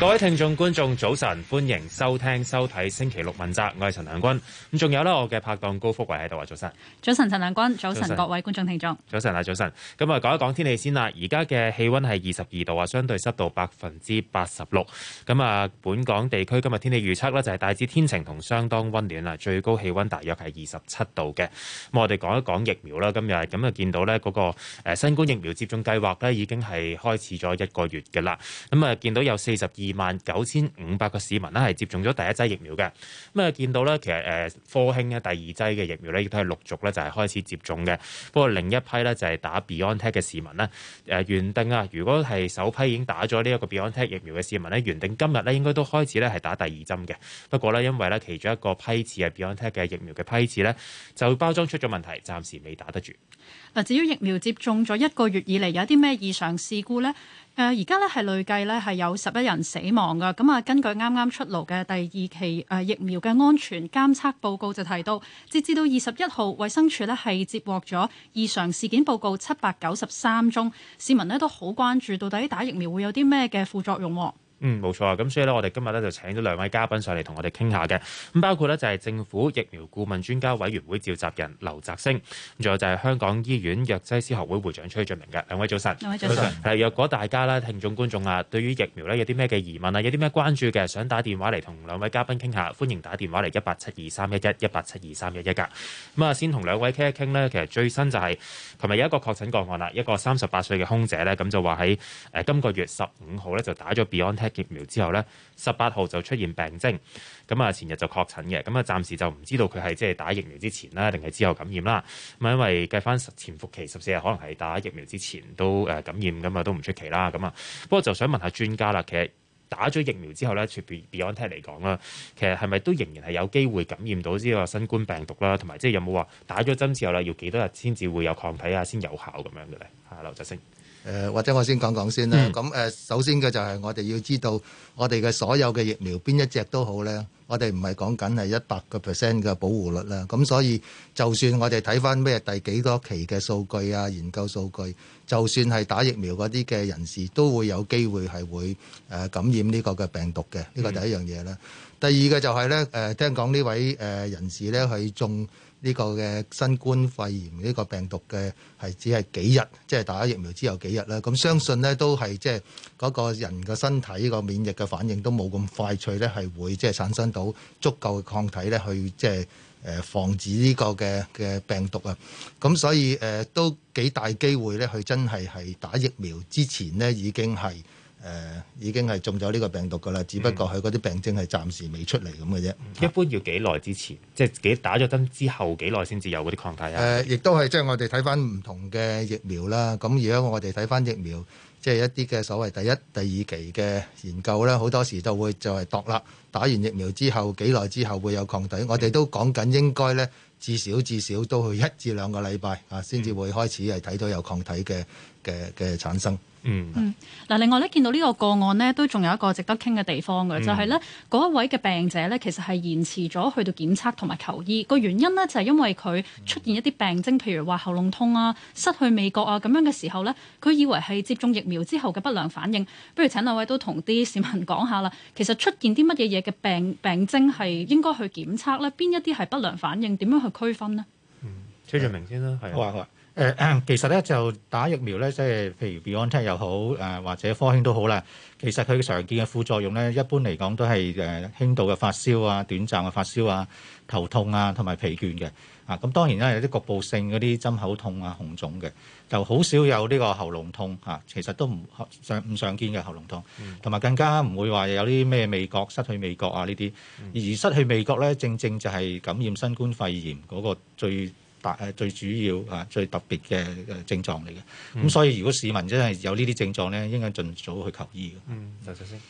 各位聽眾觀眾早晨，歡迎收聽收睇星期六問責，我係陳亮君。咁仲有呢，我嘅拍檔高福偉喺度啊，早晨。早晨，陳亮君，早晨各位觀眾聽眾。早晨啊，早晨。咁啊，講一講天氣先啦。而家嘅氣溫係二十二度啊，相對濕度百分之八十六。咁啊，本港地區今日天氣預測呢，就係大致天晴同相當溫暖啊，最高氣溫大約係二十七度嘅。咁我哋講一講疫苗啦。今日咁啊，見到呢嗰個誒新冠疫苗接種計劃呢，已經係開始咗一個月嘅啦。咁啊，見到有四十二。二萬九千五百個市民咧係接種咗第一劑疫苗嘅，咁啊，見到呢，其實誒科興嘅第二劑嘅疫苗呢，亦都係陸續咧就係開始接種嘅。不過另一批呢，就係打 BioNTech 嘅市民呢，誒、呃、原定啊，如果係首批已經打咗呢一個 BioNTech 疫苗嘅市民呢，原定今日呢應該都開始咧係打第二針嘅。不過呢，因為呢其中一個批次係 BioNTech 嘅疫苗嘅批次呢，就包裝出咗問題，暫時未打得住。啊，至於疫苗接種咗一個月以嚟，有啲咩異常事故呢？誒，而家咧係累計咧係有十一人死亡噶，咁啊根據啱啱出爐嘅第二期誒疫苗嘅安全監測報告就提到，截至到二十一號，衛生署咧係接獲咗異常事件報告七百九十三宗，市民咧都好關注到底打疫苗會有啲咩嘅副作用。嗯，冇錯啊！咁、嗯、所以呢，我哋今日呢，就請咗兩位嘉賓上嚟同我哋傾下嘅。咁包括呢，就係政府疫苗顧問專家委員會召集人劉澤星，仲有就係香港醫院藥劑師學會會長崔俊明嘅。兩位早晨，兩位早晨。係安若果大家呢，聽眾觀眾啊，對於疫苗呢，有啲咩嘅疑問啊，有啲咩關注嘅，想打電話嚟同兩位嘉賓傾下，歡迎打電話嚟一八七二三一一一八七二三一一㗎。咁啊，先同兩位傾一傾呢，其實最新就係琴日有一個確診個案啦，一個三十八歲嘅空姐呢，咁就話喺誒今個月十五號呢，就打咗 BioNTech。疫苗之後咧，十八號就出現病徵，咁啊前日就確診嘅，咁啊暫時就唔知道佢係即係打疫苗之前啦，定係之後感染啦。咁啊因為計翻潛伏期十四日，可能係打疫苗之前都誒感染，咁啊都唔出奇啦。咁啊不過就想問下專家啦，其實打咗疫苗之後咧，從 BioNTech 嚟講啦，其實係咪都仍然係有機會感染到呢個新冠病毒啦？同埋即係有冇話打咗針之後啦，要幾多日先至會有抗體啊，先有效咁樣嘅咧？嚇，劉澤星。誒或者我先講講先啦，咁誒、嗯、首先嘅就係我哋要知道我哋嘅所有嘅疫苗邊一隻都好咧，我哋唔係講緊係一百個 percent 嘅保護率啦，咁所以就算我哋睇翻咩第幾多期嘅數據啊、研究數據，就算係打疫苗嗰啲嘅人士都會有機會係會誒感染呢個嘅病毒嘅，呢個第一樣嘢啦。嗯、第二個就係咧誒聽講呢位誒人士咧去中。呢個嘅新冠肺炎呢個病毒嘅係只係幾日，即係打疫苗之後幾日啦。咁相信呢都係即係嗰個人嘅身體個免疫嘅反應都冇咁快脆咧，係會即係產生到足夠嘅抗體咧，去即係誒防止呢個嘅嘅病毒啊。咁所以誒都幾大機會咧，佢真係係打疫苗之前呢已經係。誒、呃、已經係中咗呢個病毒噶啦，只不過佢嗰啲病徵係暫時未出嚟咁嘅啫。一般、嗯啊、要幾耐之前，即係幾打咗針之後幾耐先至有嗰啲抗體啊？誒、呃，亦都係即係我哋睇返唔同嘅疫苗啦。咁而家我哋睇返疫苗，即係一啲嘅所謂第一、第二期嘅研究啦，好多時就會就係度啦。打完疫苗之後幾耐之後會有抗體？我哋都講緊應該咧，至少至少都去一至兩個禮拜啊，先至會開始係睇到有抗體嘅嘅嘅產生。嗯，嗱，另外咧，見到呢個個案呢，都仲有一個值得傾嘅地方嘅，就係呢，嗯，嗰一位嘅病者呢，其實係延遲咗去到檢測同埋求醫，個原因呢，就係因為佢出現一啲病徵，譬如話喉嚨痛啊、失去味覺啊咁樣嘅時候呢，佢以為係接種疫苗之後嘅不良反應。不如請兩位都同啲市民講下啦，其實出現啲乜嘢嘢嘅病病徵係應該去檢測呢？邊一啲係不良反應，點樣去區分呢？嗯，崔俊明先啦，係。好啊，好啊。誒其實咧就打疫苗咧，即係譬如 BioNTech 又好，誒或者科興都好啦。其實佢嘅常見嘅副作用咧，一般嚟講都係誒輕度嘅發燒啊、短暫嘅發燒啊、頭痛啊，同埋疲倦嘅。啊，咁當然啦，有啲局部性嗰啲針口痛啊、紅腫嘅，就好少有呢個喉嚨痛嚇。其實都唔常唔常見嘅喉嚨痛，同埋更加唔會話有啲咩味覺失去味覺啊呢啲。而失去味覺咧，正正就係感染新冠肺炎嗰個最。大誒最主要啊最特別嘅症狀嚟嘅，咁、嗯嗯、所以如果市民真係有呢啲症狀咧，應該盡早去求醫嘅。嗯，首先誒、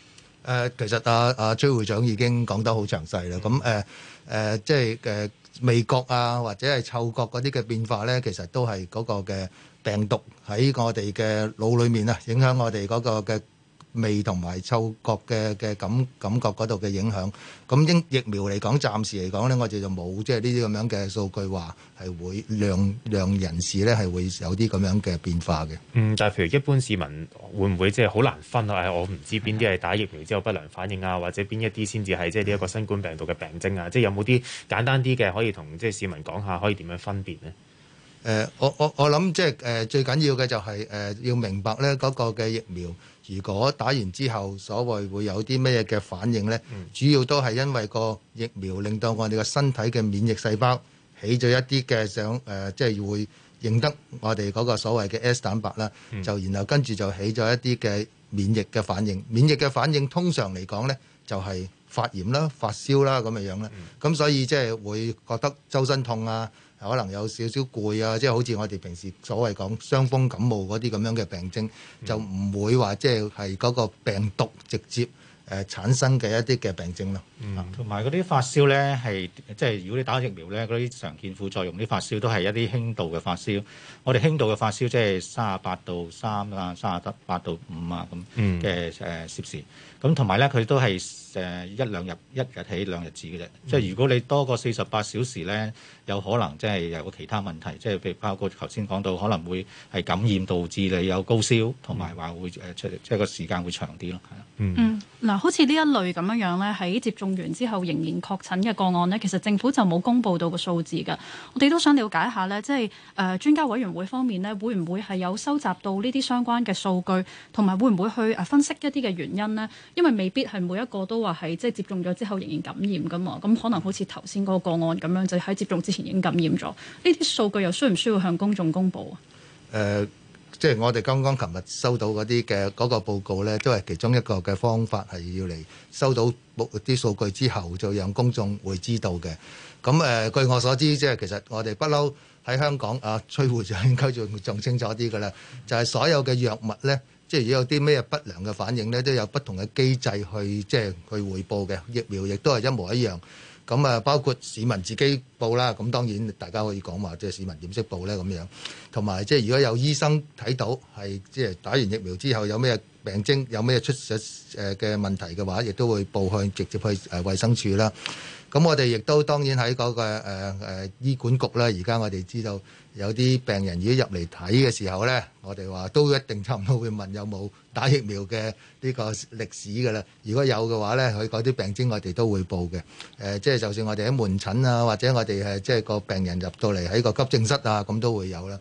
呃，其實阿、啊、阿、啊、崔會長已經講得好詳細啦。咁誒誒，即係誒味覺啊或者係嗅覺嗰啲嘅變化咧，其實都係嗰個嘅病毒喺我哋嘅腦裡面啊，影響我哋嗰個嘅。味同埋嗅覺嘅嘅感感覺嗰度嘅影響，咁應疫苗嚟講，暫時嚟講呢，我哋就冇即係呢啲咁樣嘅數據話係會讓讓、嗯、人士呢係會有啲咁樣嘅變化嘅。嗯，但係譬如一般市民會唔會即係好難分啊、哎？我唔知邊啲係打疫苗之後不良反應啊，或者邊一啲先至係即係呢一個新冠病毒嘅病徵啊？即係有冇啲簡單啲嘅可以同即係市民講下可以點樣分辨呢？誒、呃，我我我諗即係誒最緊要嘅就係、是、誒、呃、要明白咧嗰、那個嘅疫苗。如果打完之後，所謂會有啲咩嘅反應呢？嗯、主要都係因為個疫苗令到我哋個身體嘅免疫細胞起咗一啲嘅想誒，即、呃、係、即係、會認得我哋嗰個所謂嘅 S 蛋白啦，嗯、就然後跟住就起咗一啲嘅免疫嘅反應，免疫嘅反應通常嚟講呢，就係、係、發炎啦、發燒啦咁嘅樣啦，咁、嗯、所以即係會覺得周身痛啊。可能有少少攰啊，即係好似我哋平時所謂講傷風感冒嗰啲咁樣嘅病徵，嗯、就唔會話即係係嗰個病毒直接誒、呃、產生嘅一啲嘅病徵咯。嗯，同埋嗰啲發燒咧係即係如果你打疫苗咧，嗰啲常見副作用啲發燒都係一啲輕度嘅發燒。我哋輕度嘅發燒即係三十八度三啊三十八度五啊咁嘅誒攝氏。咁同埋咧佢都係，誒一兩日一日起兩日止嘅啫，即係、嗯、如果你多過四十八小時呢，有可能即係有個其他問題，即係譬如包括頭先講到可能會係感染導致你有高燒，同埋話會誒出即係個時間會長啲咯，嗯，嗱、嗯嗯，好似呢一類咁樣樣呢，喺接種完之後仍然確診嘅個案呢，其實政府就冇公布到個數字㗎。我哋都想了解一下呢，即係誒專家委員會方面呢，會唔會係有收集到呢啲相關嘅數據，同埋會唔會去分析一啲嘅原因呢？因為未必係每一個都。話係即係接種咗之後仍然感染噶嘛？咁、嗯、可能好似頭先嗰個個案咁樣，就喺接種之前已經感染咗。呢啲數據又需唔需要向公眾公布？誒、呃，即係我哋剛剛琴日收到嗰啲嘅嗰個報告咧，都係其中一個嘅方法，係要嚟，收到嗰啲數據之後，就讓公眾會知道嘅。咁誒、呃，據我所知，即係其實我哋不嬲喺香港啊，崔會長應該仲仲清楚啲噶啦，就係、是、所有嘅藥物咧。即係如果有啲咩不良嘅反應咧，都有不同嘅機制去即係去匯報嘅疫苗，亦都係一模一樣。咁啊，包括市民自己報啦，咁當然大家可以講話即係市民點識報咧咁樣。同埋即係如果有醫生睇到係即係打完疫苗之後有咩病徵、有咩出誒嘅問題嘅話，亦都會報向直接去誒衛生署啦。咁我哋亦都當然喺嗰、那個誒誒、呃呃、醫管局啦。而家我哋知道。有啲病人如果入嚟睇嘅時候呢，我哋話都一定差唔多會問有冇打疫苗嘅呢個歷史㗎喇。如果有嘅話呢，佢嗰啲病徵我哋都會報嘅。誒、呃，即係就算我哋喺門診啊，或者我哋係即係個病人入到嚟喺個急症室啊，咁都會有啦。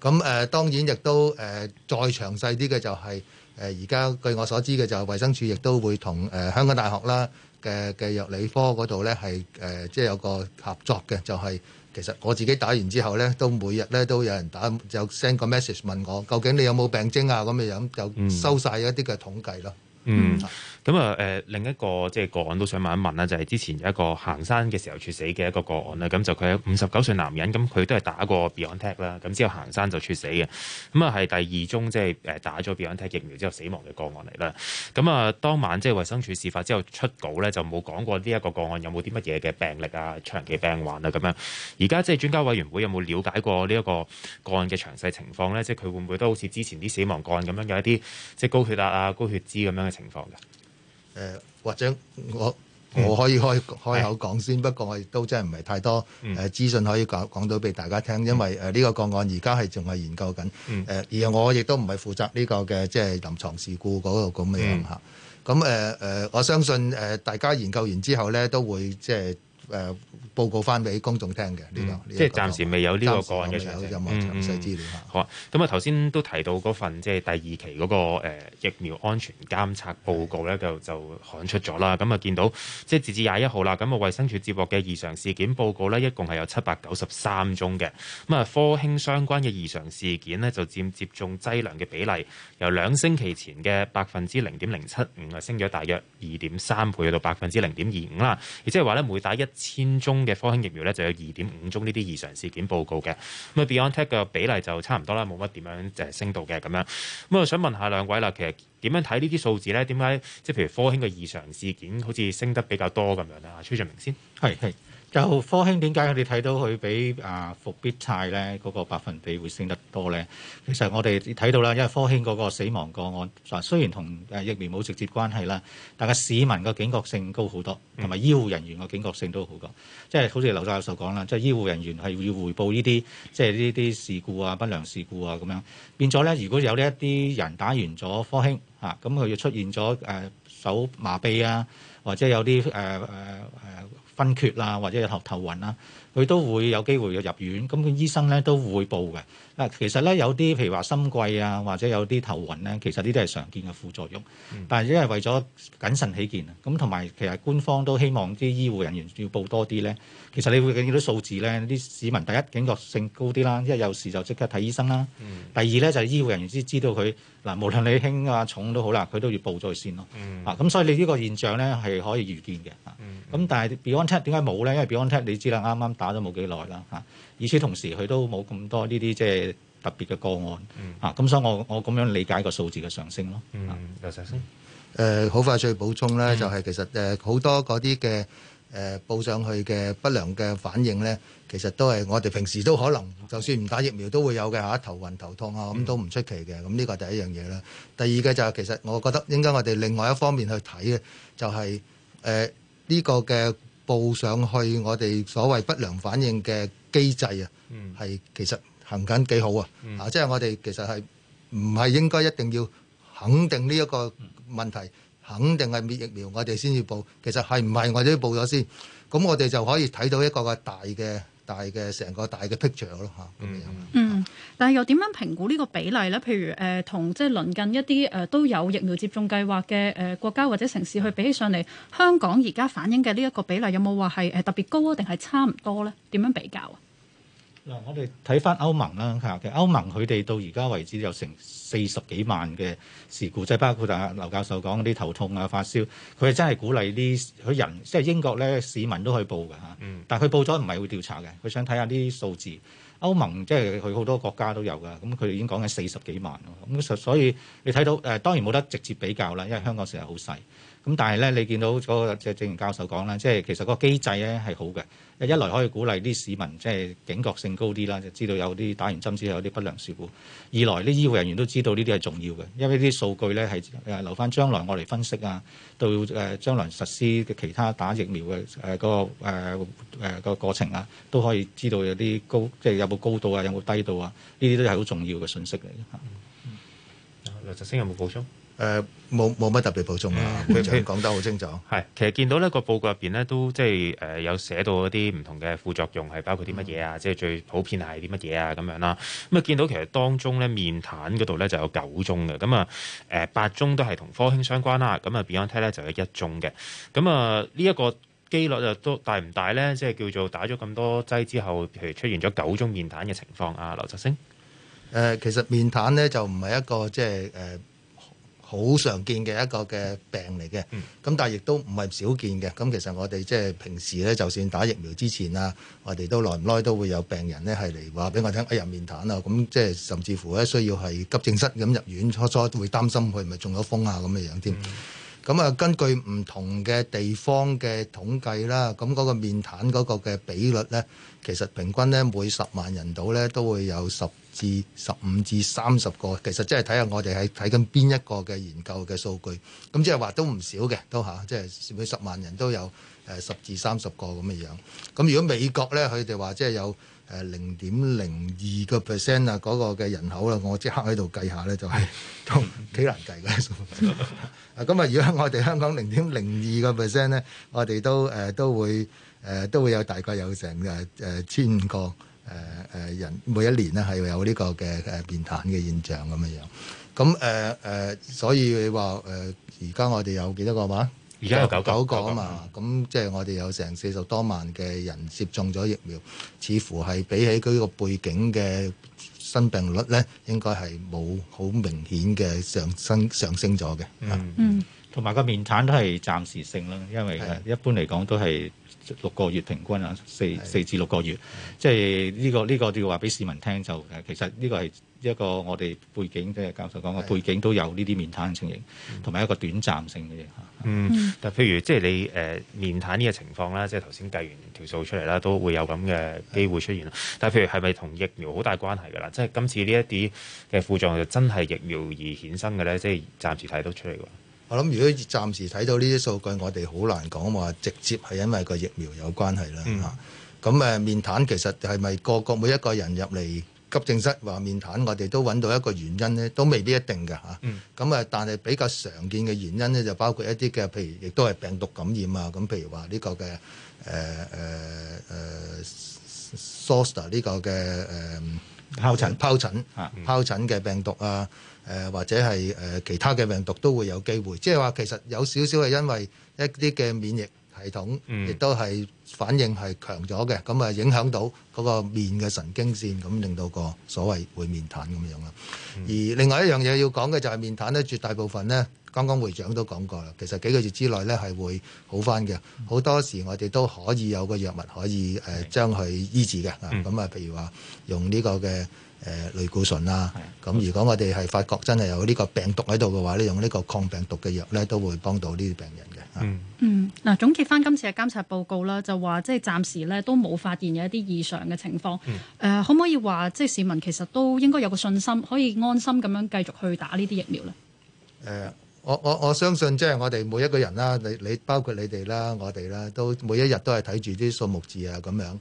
咁誒、呃、當然亦都誒、呃、再詳細啲嘅就係誒而家據我所知嘅就係、是、衛生署亦都會同誒、呃、香港大學啦嘅嘅藥理科嗰度呢係誒即係有個合作嘅，就係、是。其實我自己打完之後咧，都每日咧都有人打，就 send 個 message 問我究竟你有冇病徵啊咁嘅樣，就收晒一啲嘅統計咯。嗯。嗯。咁啊誒，另一個即係個案都想問一問啦，就係之前有一個行山嘅時候猝死嘅一個個案啦。咁就佢係五十九歲男人，咁佢都係打過 Biontech 啦，咁之後行山就猝死嘅。咁啊，係第二宗即係誒打咗 Biontech 疫苗之後死亡嘅個案嚟啦。咁啊，當晚即係衛生署事發之後出稿咧，就冇講過呢一個個案有冇啲乜嘢嘅病歷啊、長期病患啊咁樣。而家即係專家委員會有冇了解過呢一個個案嘅詳細情況咧？即係佢會唔會都好似之前啲死亡個案咁樣，嘅一啲即係高血壓啊、高血脂咁樣嘅情況嘅？誒、呃、或者我我可以開開口講先，嗯、不過我亦都真係唔係太多誒、呃、資訊可以講講到俾大家聽，因為誒呢、呃這個、個案而家係仲係研究緊，誒、呃、而我亦都唔係負責呢個嘅即係臨床事故嗰度咁嘅樣吓。咁誒誒，我相信誒、呃、大家研究完之後咧，都會即係，誒報告翻俾公眾聽嘅呢、這個，即係、嗯這個、暫時未有呢個，個個案嘅詳，詳細資料、嗯、好啊，咁啊頭先都提到嗰份即係、就是、第二期嗰、那個、呃、疫苗安全監測報告咧，就就刊出咗啦。咁啊見到即係截至廿一號啦，咁啊衞生署接獲嘅異常事件報告呢，一共係有七百九十三宗嘅。咁啊科興相關嘅異常事件呢，就佔接種劑量嘅比例由兩星期前嘅百分之零點零七五啊，升咗大約二點三倍去到百分之零點二五啦。亦即係話呢，每打一千宗嘅科興疫苗咧，就有二點五宗呢啲異常事件報告嘅，咁啊 BioNTech 嘅比例就差唔多啦，冇乜點樣就係升到嘅咁樣，咁啊想問下兩位啦，其實。點樣睇呢啲數字咧？點解即係譬如科興嘅異常事件好似升得比較多咁樣啊，崔俊明先係係就科興點解我哋睇到佢比啊復必泰咧嗰個百分比會升得多咧？其實我哋睇到啦，因為科興嗰個死亡個案，雖然同誒疫苗冇直接關係啦，但係市民個警覺性高好多，同埋醫護人員個警覺性都好多、嗯、好高。即係好似劉教授講啦，即係醫護人員係要回報呢啲即係呢啲事故啊、不良事故啊咁樣。變咗咧，如果有呢一啲人打完咗科興，啊，咁佢要出現咗誒、呃、手麻痺啊，或者有啲誒誒誒昏厥啊，或者有頭頭暈啦，佢都會有機會入院，咁佢醫生咧都會報嘅。嗱，其實咧有啲譬如話心悸啊，或者有啲頭暈咧、啊啊，其實呢啲係常見嘅副作用，但係因為為咗謹慎起見，咁同埋其實官方都希望啲醫護人員要報多啲咧。其實你會見到啲數字咧，啲市民第一警覺性高啲啦，因一有事就即刻睇醫生啦。嗯、第二咧就係、是、醫護人員先知道佢嗱，無論你輕啊重都好啦，佢都要報咗先咯。嗯、啊，咁所以你呢個現象咧係可以預見嘅。咁、嗯嗯、但係 BioNTech 點解冇咧？因為 BioNTech 你知啦，啱啱打咗冇幾耐啦。啊，與此同時佢都冇咁多呢啲即係特別嘅個案。嗯、啊，咁所以我我咁樣理解個數字嘅上升咯。嗯，上升。誒、嗯，好、嗯呃、快再補充咧，就係其實誒好多嗰啲嘅。誒報、呃、上去嘅不良嘅反應呢，其實都係我哋平時都可能，就算唔打疫苗都會有嘅嚇、啊，頭暈頭痛啊咁都唔出奇嘅。咁、嗯、呢、嗯、個第一樣嘢啦。第二嘅就係其實我覺得應該我哋另外一方面去睇嘅，就係誒呢個嘅報上去我哋所謂不良反應嘅機制啊，係、嗯、其實行緊幾好、嗯、啊。即係我哋其實係唔係應該一定要肯定呢一個問題？嗯嗯肯定係滅疫苗，我哋先至報。其實係唔係我哋都報咗先？咁我哋就可以睇到一個個大嘅、大嘅成個大嘅 picture 咯嚇。嗯。嗯，但係又點樣評估呢個比例咧？譬如誒，同即係鄰近一啲誒、呃、都有疫苗接種計劃嘅誒、呃、國家或者城市去比起上嚟，香港而家反映嘅呢一個比例有冇話係誒特別高啊？定係差唔多咧？點樣比較啊？嗱，我哋睇翻歐盟啦嚇，嘅歐盟佢哋到而家為止有成四十幾萬嘅事故，即係包括啊劉教授講嗰啲頭痛啊、發燒，佢真係鼓勵啲佢人，即係英國咧市民都去報嘅嚇。嗯、但係佢報咗唔係會調查嘅，佢想睇下啲數字。歐盟即係佢好多國家都有㗎，咁佢哋已經講緊四十幾萬，咁所以你睇到誒、呃，當然冇得直接比較啦，因為香港成日好細。咁但係咧，你見到嗰個即係正如教授講啦，即係其實個機制咧係好嘅。一來可以鼓勵啲市民即係警覺性高啲啦，就知道有啲打完針之後有啲不良事故；二來啲醫護人員都知道呢啲係重要嘅，因為呢啲數據咧係誒留翻將來我嚟分析啊，到誒將來實施嘅其他打疫苗嘅誒嗰個誒誒個過程啊，都可以知道有啲高即係有冇高度啊，有冇低度啊？呢啲都係好重要嘅訊息嚟嘅嚇。劉澤星有冇補充？誒，冇冇乜特別補充啊？主席 講，講得好清楚。係， 其實見到呢個報告入邊呢，都即係誒、呃、有寫到一啲唔同嘅副作用，係包括啲乜嘢啊？嗯、即係最普遍係啲乜嘢啊？咁樣啦。咁、嗯、啊，見到其實當中咧面癱嗰度咧就有九宗嘅。咁啊，誒、呃、八宗都係同科興相關啦。咁啊，biontech 咧就有一宗嘅。咁啊，呢、呃、一、這個幾率又都大唔大咧？即係叫做打咗咁多劑之後，譬如出現咗九宗面癱嘅情況啊？劉澤星。誒、呃，其實面癱咧就唔係一個即係誒。呃好常見嘅一個嘅病嚟嘅，咁、嗯、但係亦都唔係少見嘅。咁其實我哋即係平時咧，就算打疫苗之前啊，我哋都耐唔耐都會有病人咧係嚟話俾我聽，哎呀面癱啊！咁即係甚至乎咧需要係急症室咁入院，初初都會擔心佢係咪中咗風啊咁嘅樣添。咁啊、嗯，根據唔同嘅地方嘅統計啦，咁嗰個面癱嗰個嘅比率咧，其實平均咧每十萬人度咧都會有十至十五至三十個，其實即係睇下我哋係睇緊邊一個嘅研究嘅數據，咁即係話都唔少嘅，都嚇，即、啊、係、即係、每十萬人都有誒十、呃、至三十個咁嘅樣，樣。咁如果美國咧，佢哋話即係有誒零點零二個 percent 啊，嗰個嘅人口啦，我即刻喺度計下咧，就係都幾難計嘅數字。咁 啊，如果我哋香港零點零二個 percent 咧，我哋都誒、呃、都會誒、呃、都會有大概有成誒誒、呃、千個。誒誒、呃、人每一年咧係有呢個嘅誒、呃、面癱嘅現象咁嘅樣，咁誒誒，所以你話誒，而、呃、家我哋有幾多個嘛？而家、嗯、有九九個啊嘛，咁即係我哋有成四十多萬嘅人接種咗疫苗，似乎係比起佢個背景嘅新病率咧，應該係冇好明顯嘅上升上升咗嘅。嗯，同埋、嗯、個面癱都係暫時性啦，因為一般嚟講都係是。六個月平均啊，四的四至六個月，的即係呢、這個呢、這個都要話俾市民聽就，其實呢個係一個我哋背景，即係教授講嘅的背景都有呢啲面攤癱情形，同埋、嗯、一個短暫性嘅嘢嚇。嗯，嗯、但譬如即係你誒、呃、面癱呢個情況啦，即係頭先計完條數出嚟啦，都會有咁嘅機會出現。的但係譬如係咪同疫苗好大關係㗎啦？即係今次呢一啲嘅副作用真係疫苗而衍生嘅咧，即係暫時睇到出嚟㗎。我諗如果暫時睇到呢啲數據，我哋好難講話直接係因為個疫苗有關係啦嚇。咁誒、嗯啊、面癱其實係咪個個，個每一個人入嚟急症室話面癱，我哋都揾到一個原因咧，都未必一定嘅嚇。咁、啊、誒、嗯啊，但係比較常見嘅原因咧，就包括一啲嘅，譬如亦都係病毒感染啊。咁譬如話呢個嘅誒誒誒，Zoster 呢個嘅誒。呃疱疹、疱疹、啊、疱疹嘅病毒啊，誒、呃、或者係誒、呃、其他嘅病毒都會有機會。即係話，其實有少少係因為一啲嘅免疫系統亦都係反應係強咗嘅，咁啊影響到嗰個面嘅神經線，咁令到個所謂會面癱咁樣啦。而另外一樣嘢要講嘅就係面癱咧，絕大部分咧，剛剛會長都講過啦。其實幾個月之內咧係會好返嘅，好多時我哋都可以有個藥物可以誒將佢醫治嘅。啊，咁啊，譬如話用呢個嘅。誒、呃，類固醇啦，咁、嗯、如果我哋係發覺真係有呢個病毒喺度嘅話咧，用呢個抗病毒嘅藥咧，都會幫到呢啲病人嘅。嗯嗯，嗱、嗯，總結翻今次嘅監察報告啦，就話即係暫時咧都冇發現有一啲異常嘅情況。誒、嗯、呃，可唔可以話即係市民其實都應該有個信心，可以安心咁樣繼續去打呢啲疫苗咧？誒、呃，我我我相信即係我哋每一個人啦，你你包括你哋啦，我哋啦，都每一日都係睇住啲數目字啊，咁樣。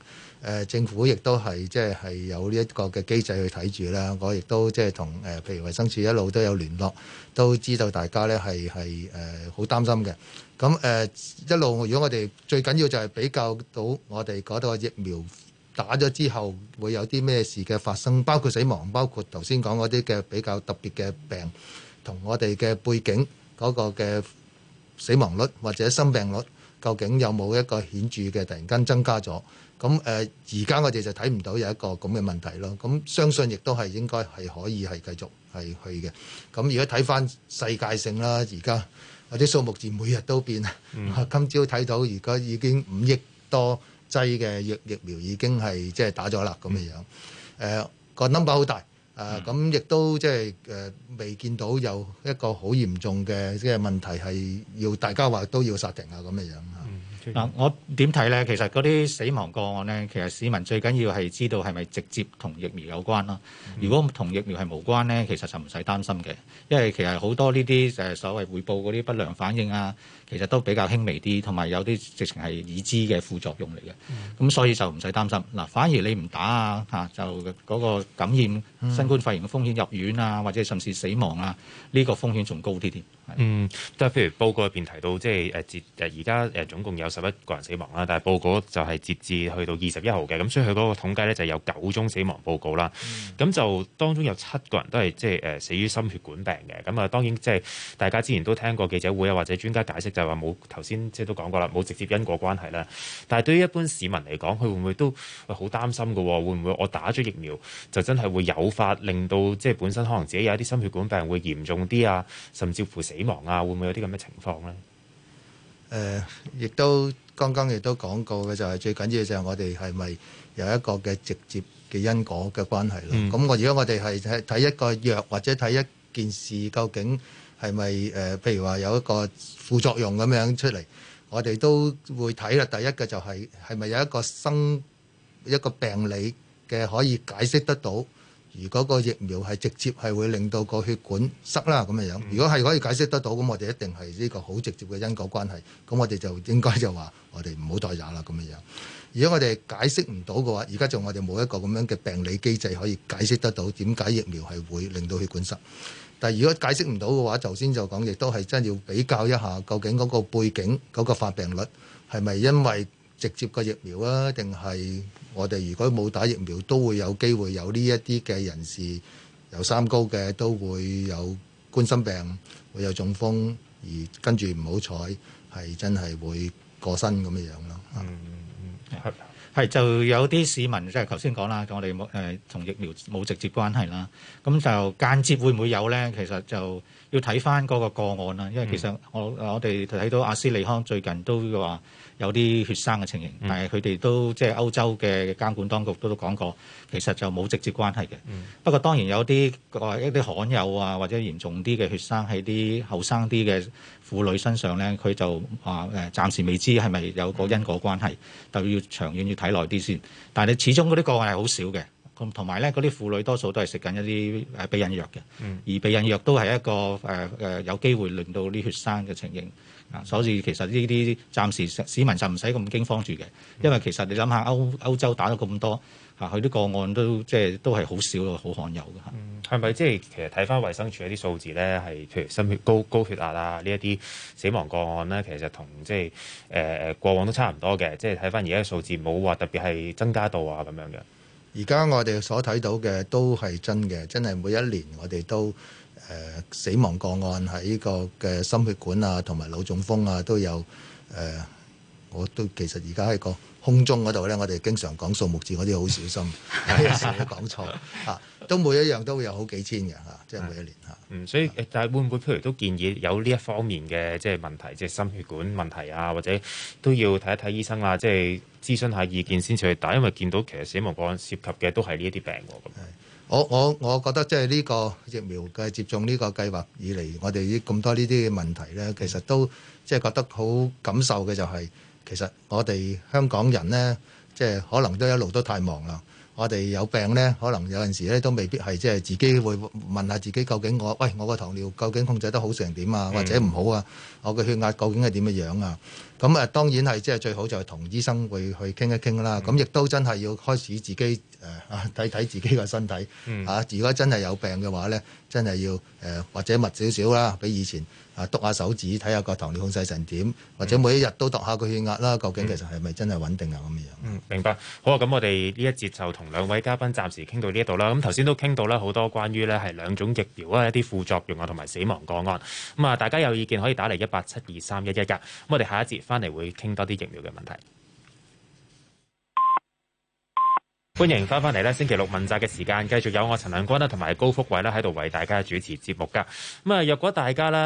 政府亦都係即係有呢一個嘅機制去睇住啦。我亦都即係同，誒，譬如衞生署一路都有聯絡，都知道大家呢，係係誒，好擔心嘅。咁誒一路，如果我哋最緊要就係比較到我哋嗰度嘅疫苗打咗之後會有啲咩事嘅發生，包括死亡，包括頭先講嗰啲嘅比較特別嘅病，同我哋嘅背景嗰個嘅死亡率或者生病率。究竟有冇一個顯著嘅突然間增加咗？咁誒，而家我哋就睇唔到有一個咁嘅問題咯。咁相信亦都係應該係可以係繼續係去嘅。咁如果睇翻世界性啦，而家啲數目字每日都變，嗯、今朝睇到而家已經五億多劑嘅疫疫苗已經係即係打咗啦，咁嘅樣。誒、嗯，個 number 好大。啊！咁亦、嗯呃、都即係誒未見到有一個好嚴重嘅即係問題係要大家話都要殺停啊咁嘅樣啊。嗱，我點睇咧？其實嗰啲死亡個案咧，其實市民最緊要係知道係咪直接同疫苗有關囉。嗯、如果同疫苗係無關咧，其實就唔使擔心嘅。因為其實好多呢啲就係所謂匯報嗰啲不良反應啊，其實都比較輕微啲，同埋有啲直情係已知嘅副作用嚟嘅。咁、嗯、所以就唔使擔心。嗱，反而你唔打啊嚇，就嗰個感染新冠肺炎嘅風險入院啊，或者甚至死亡啊，呢、呢個風險仲高啲添。嗯，都係譬如報告入邊提到，即係誒截誒而家誒總共有十一個人死亡啦，但係報告就係截至去到二十一號嘅，咁所以佢嗰個統計咧就有九宗死亡報告啦。咁、嗯、就當中有七個人都係即係誒、呃、死於心血管病嘅，咁啊當然即係大家之前都聽過記者會啊或者專家解釋，就係話冇頭先即係都講過啦，冇直接因果關係啦。但係對於一般市民嚟講，佢會唔會都好擔心嘅？會唔會我打咗疫苗就真係會有法令到即係本身可能自己有一啲心血管病會嚴重啲啊，甚至乎死？死亡啊，會唔會有啲咁嘅情況咧？誒，亦都剛剛亦都講過嘅，就係最緊要就係我哋係咪有一個嘅直接嘅因果嘅關係咯。咁我如果我哋係睇睇一個藥或者睇一件事，究竟係咪誒，譬如話有一個副作用咁樣出嚟，我哋都會睇啦。第一個就係係咪有一個生一個病理嘅可以解釋得到？如果個疫苗係直接係會令到個血管塞啦咁嘅樣，如果係可以解釋得到，咁我哋一定係呢個好直接嘅因果關係。咁我哋就應該就話我哋唔好再打啦咁嘅樣。如果我哋解釋唔到嘅話，而家就我哋冇一個咁樣嘅病理機制可以解釋得到點解疫苗係會令到血管塞。但係如果解釋唔到嘅話，頭先就講亦都係真係要比較一下究竟嗰個背景，嗰個發病率係咪因為直接個疫苗啊，定係？我哋如果冇打疫苗，都會有機會有呢一啲嘅人士，有三高嘅，都會有冠心病，會有中風，而跟住唔好彩，係真係會過身咁嘅樣咯、嗯。嗯嗯嗯，係。係，就有啲市民即係頭先講啦，我哋冇誒同疫苗冇直接關係啦。咁就間接會唔會有咧？其實就要睇翻嗰個個案啦。因為其實我、嗯、我哋睇到阿斯利康最近都話有啲血栓嘅情形，嗯、但係佢哋都、嗯、即係歐洲嘅監管當局都都講過，其實就冇直接關係嘅。嗯、不過當然有啲個一啲罕有啊，或者嚴重啲嘅血栓喺啲後生啲嘅婦女身上咧，佢就話誒暫時未知係咪有個因果關係，就要長遠要睇耐啲先。但係你始終嗰啲個案係好少嘅，咁同埋咧嗰啲婦女多數都係食緊一啲誒避孕藥嘅，嗯，而避孕藥都係一個誒誒有機會令到啲血栓嘅情形啊，所以其實呢啲暫時市民就唔使咁驚慌住嘅，因為其實你諗下歐歐洲打咗咁多。嚇佢啲個案都即係都係好少咯，好罕有嘅嚇。嗯，係咪即係其實睇翻衞生署一啲數字咧，係譬如心血高高血壓啊呢一啲死亡個案咧，其實同即係誒誒過往都差唔多嘅。即係睇翻而家嘅數字，冇話特別係增加到啊咁樣嘅。而家我哋所睇到嘅都係真嘅，真係每一年我哋都誒、呃、死亡個案喺呢個嘅心血管啊同埋腦中風啊都有誒、呃。我都其實而家係個。空中嗰度咧，我哋經常講數目字，嗰啲好小心， 講錯嚇、啊，都每一樣都會有好幾千嘅嚇、啊，即係每一年嚇。啊、嗯，所以但係會唔會譬如都建議有呢一方面嘅即係問題，即係心血管問題啊，或者都要睇一睇醫生啦、啊，即係諮詢下意見先出去打，是因為見到其實死亡個案涉及嘅都係呢一啲病喎。咁、啊，我我我覺得即係呢個疫苗嘅接種呢個計劃以嚟，我哋咁多呢啲嘅問題咧，其實都即係覺得好感受嘅就係、是。其實我哋香港人呢，即係可能都一路都太忙啦。我哋有病呢，可能有陣時咧都未必係即係自己會問下自己究竟我，喂、哎、我個糖尿究竟控制得好成點啊，或者唔好啊？嗯、我嘅血壓究竟係點嘅樣啊？咁啊，當然係即係最好就係同醫生會去傾一傾啦。咁亦、嗯、都真係要開始自己誒睇睇自己個身體嚇、嗯啊。如果真係有病嘅話咧，真係要誒、呃、或者密少少啦，比以前啊篤下手指睇下個糖尿控制成點，嗯、或者每一日都度下個血壓啦，究竟其實係咪真係穩定啊咁樣。嗯，嗯，明白。好啊，咁我哋呢一節就同兩位嘉賓暫時傾到呢度啦。咁頭先都傾到啦，好多關於呢係兩種疫苗啊一啲副作用啊同埋死亡個案。咁啊，大家有意見可以打嚟一八七二三一一㗎。咁我哋下一節。翻嚟會傾多啲疫苗嘅問題。歡迎翻返嚟咧，星期六問責嘅時間，繼續有我陳亮君啦，同埋高福偉啦喺度為大家主持節目噶。咁啊，若果大家咧，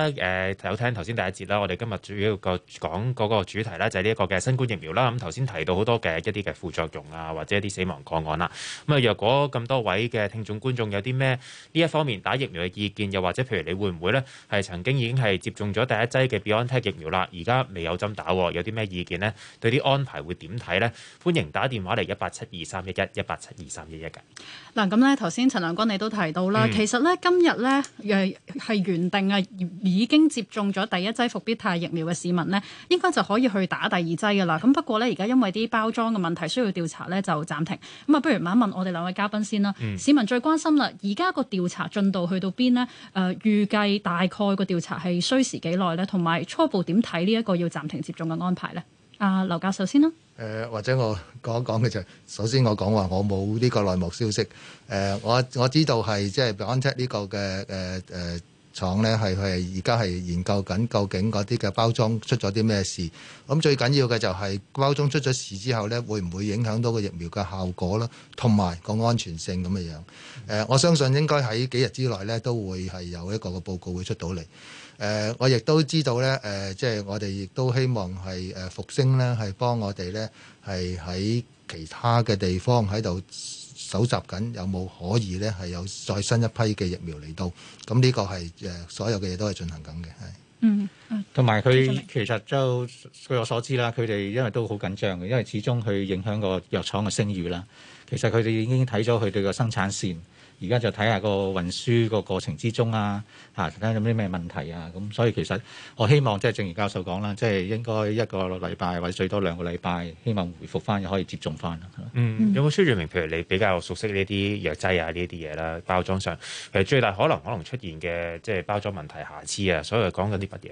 誒有聽頭先第一節啦，我哋今日主要個講嗰個主題咧，就係呢一個嘅新冠疫苗啦。咁頭先提到好多嘅一啲嘅副作用啊，或者一啲死亡個案啦。咁啊，若果咁多位嘅聽眾觀眾有啲咩呢一方面打疫苗嘅意見，又或者譬如你會唔會咧係曾經已經係接種咗第一劑嘅 BioNTech 疫苗啦，而家未有針打，有啲咩意見呢？對啲安排會點睇呢？歡迎打電話嚟一八七二三一一。一百七二十一一嘅嗱，咁咧頭先陳良君你都提到啦，嗯、其實咧今日咧誒係原定啊已經接種咗第一劑復必泰疫苗嘅市民咧，應該就可以去打第二劑㗎啦。咁不過咧而家因為啲包裝嘅問題需要調查咧，就暫停。咁啊，不如問一問我哋兩位嘉賓先啦。嗯、市民最關心啦，而家個調查進度去到邊咧？誒、呃，預計大概個調查係需時幾耐咧？同埋初步點睇呢一個要暫停接種嘅安排咧？啊，劉教授先啦。誒、呃，或者我講一講嘅就係、首先我講話我冇呢個內幕消息。誒、呃，我我知道係即係 BioNTech 呢個嘅誒誒廠咧，係係而家係研究緊究竟嗰啲嘅包裝出咗啲咩事。咁最緊要嘅就係包裝出咗事之後咧，會唔會影響到個疫苗嘅效果啦，同埋個安全性咁嘅樣。誒、呃，我相信應該喺幾日之內咧，都會係有一個個報告會出到嚟。誒、呃，我亦都知道咧，誒、呃，即係我哋亦都希望係誒、呃、復星呢，咧，係幫我哋咧，係喺其他嘅地方喺度搜集緊有冇可以咧，係有再新一批嘅疫苗嚟到。咁呢個係誒、呃，所有嘅嘢都係進行緊嘅，係、嗯。嗯，同埋佢其實就據我所知啦，佢哋因為都好緊張嘅，因為始終佢影響個藥廠嘅聲譽啦。其實佢哋已經睇咗佢哋個生產線。而家就睇下個運輸個過程之中啊，吓，睇下有冇啲咩問題啊。咁所以其實我希望即係正如教授講啦，即係應該一個禮拜或者最多兩個禮拜，希望回復翻又可以接種翻。嗯，有冇需要明？譬如你比較熟悉呢啲藥劑啊，呢啲嘢啦，包裝上其實最大可能可能出現嘅即係包裝問題瑕疵啊，所以講緊啲乜嘢？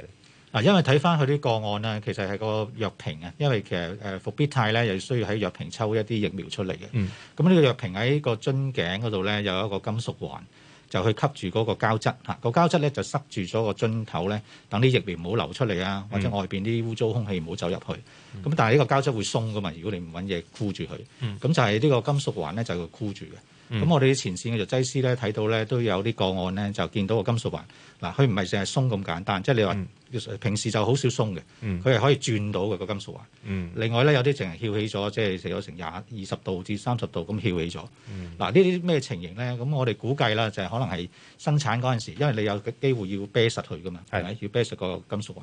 嗱，因為睇翻佢啲個案咧，其實係個藥瓶啊。因為其實誒、呃、復必泰咧，又需要喺藥瓶抽一啲疫苗出嚟嘅。咁呢、嗯、個藥瓶喺個樽頸嗰度咧，有一個金屬環，就去吸住嗰個膠質嚇。個、啊、膠質咧就塞住咗個樽口咧，等啲疫苗唔好流出嚟啊，嗯、或者外邊啲污糟空氣唔好走入去。咁、嗯、但係呢個膠質會鬆噶嘛，如果你唔揾嘢箍住佢，咁、嗯嗯、就係呢個金屬環咧就去箍住嘅。咁、嗯、我哋嘅前線嘅藥劑師咧，睇到咧都有啲個案咧，就見到個金屬環。嗱、嗯，佢唔係淨係鬆咁簡單，即係你話平時就好少鬆嘅，佢係可以轉到嘅個金屬環。另外咧，有啲淨係翹起咗，即係成咗成廿二十度至三十度咁翹起咗。嗱，呢啲咩情形咧？咁我哋估計啦，就係可能係生產嗰陣時，因為你有機會要啤實佢㗎嘛，係咪要啤實個金屬環？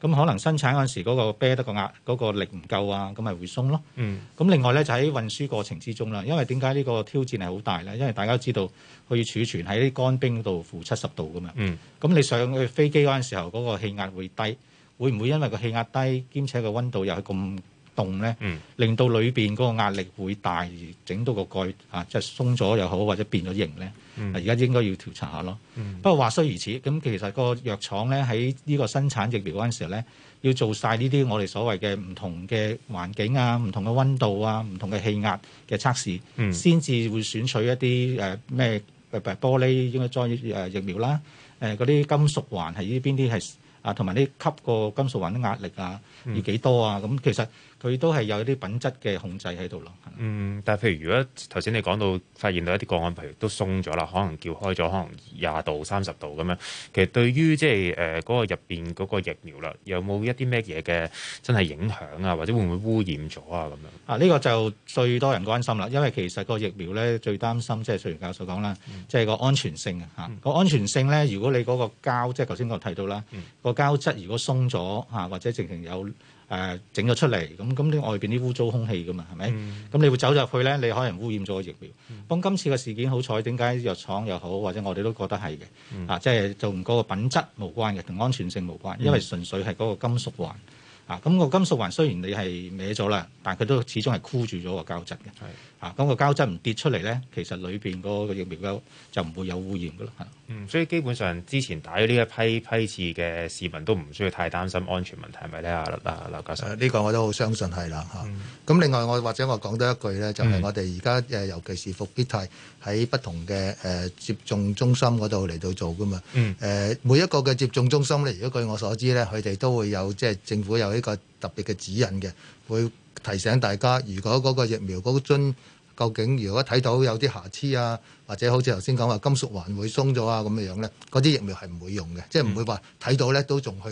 咁可能生產嗰陣時嗰個啤得個壓嗰、那個嗰個力唔夠啊，咁咪會鬆咯。咁、嗯、另外咧就喺運輸過程之中啦，因為點解呢個挑戰係好大咧？因為大家都知道，佢要儲存喺啲乾冰度負七十度噶嘛。咁、嗯、你上去飛機嗰陣時候，嗰、嗰個氣壓會低，會唔會因為個氣壓低兼且個温度又係咁？凍咧，令到裏邊嗰個壓力會大，而整到個蓋啊，即係鬆咗又好，或者變咗形咧。而家、嗯、應該要調查下咯。嗯、不過話雖如此，咁其實個藥廠咧喺呢個生產疫苗嗰陣時候咧，要做晒呢啲我哋所謂嘅唔同嘅環境啊、唔同嘅温度啊、唔同嘅氣壓嘅測試，先至、嗯、會選取一啲誒咩唔玻璃應該裝誒疫苗啦，誒嗰啲金屬環係依邊啲係啊，同埋你吸個金屬環啲壓力啊要幾多啊？咁、嗯、其實。佢都係有啲品質嘅控制喺度咯。嗯，但係譬如如果頭先你講到發現到一啲個案，譬如都鬆咗啦，可能撬開咗，可能廿度、三十度咁樣。其實對於即係誒嗰個入邊嗰個疫苗啦，有冇一啲咩嘢嘅真係影響啊？或者會唔會污染咗啊？咁樣啊？呢個就最多人關心啦，因為其實個疫苗咧最擔心，即係雖然教授講啦，即係、嗯、個安全性、嗯、啊。個安全性咧，如果你嗰個膠，即係頭先我提到啦，個、嗯嗯、膠質如果鬆咗啊，或者直情有。誒整咗出嚟，咁咁啲外邊啲污糟空氣噶嘛，係、嗯、咪？咁你會走入去咧，你可能污染咗個疫苗。咁今次個事件好彩，點解藥廠又好，或者我哋都覺得係嘅，啊、嗯，即係就同嗰個品質無關嘅，同安全性無關，因為純粹係嗰個金屬環，啊，咁、個金屬環雖然你係歪咗啦，但係佢都始終係箍住咗個膠質嘅。係。啊，咁個膠質唔跌出嚟咧，其實裏邊嗰個疫苗就唔會有污染噶啦嚇。嗯，所以基本上之前打咗呢一批批次嘅市民都唔需要太擔心安全問題，係咪咧啊啊，劉教授？呢、呃呢個我都好相信係啦嚇。咁、嗯啊、另外我或者我講多一句咧，就係、是、我哋而家誒尤其是復必泰喺不同嘅誒、呃、接種中心嗰度嚟到做噶嘛。嗯。誒，每一個嘅接種中心咧，如果據我所知咧，佢哋都會有即係、就是、政府有呢個。特別嘅指引嘅，會提醒大家，如果嗰個疫苗嗰樽、那個、究竟如果睇到有啲瑕疵啊。或者好似頭先講話金屬環會鬆咗啊咁嘅樣咧，嗰啲疫苗係唔會用嘅，即係唔會話睇到咧都仲去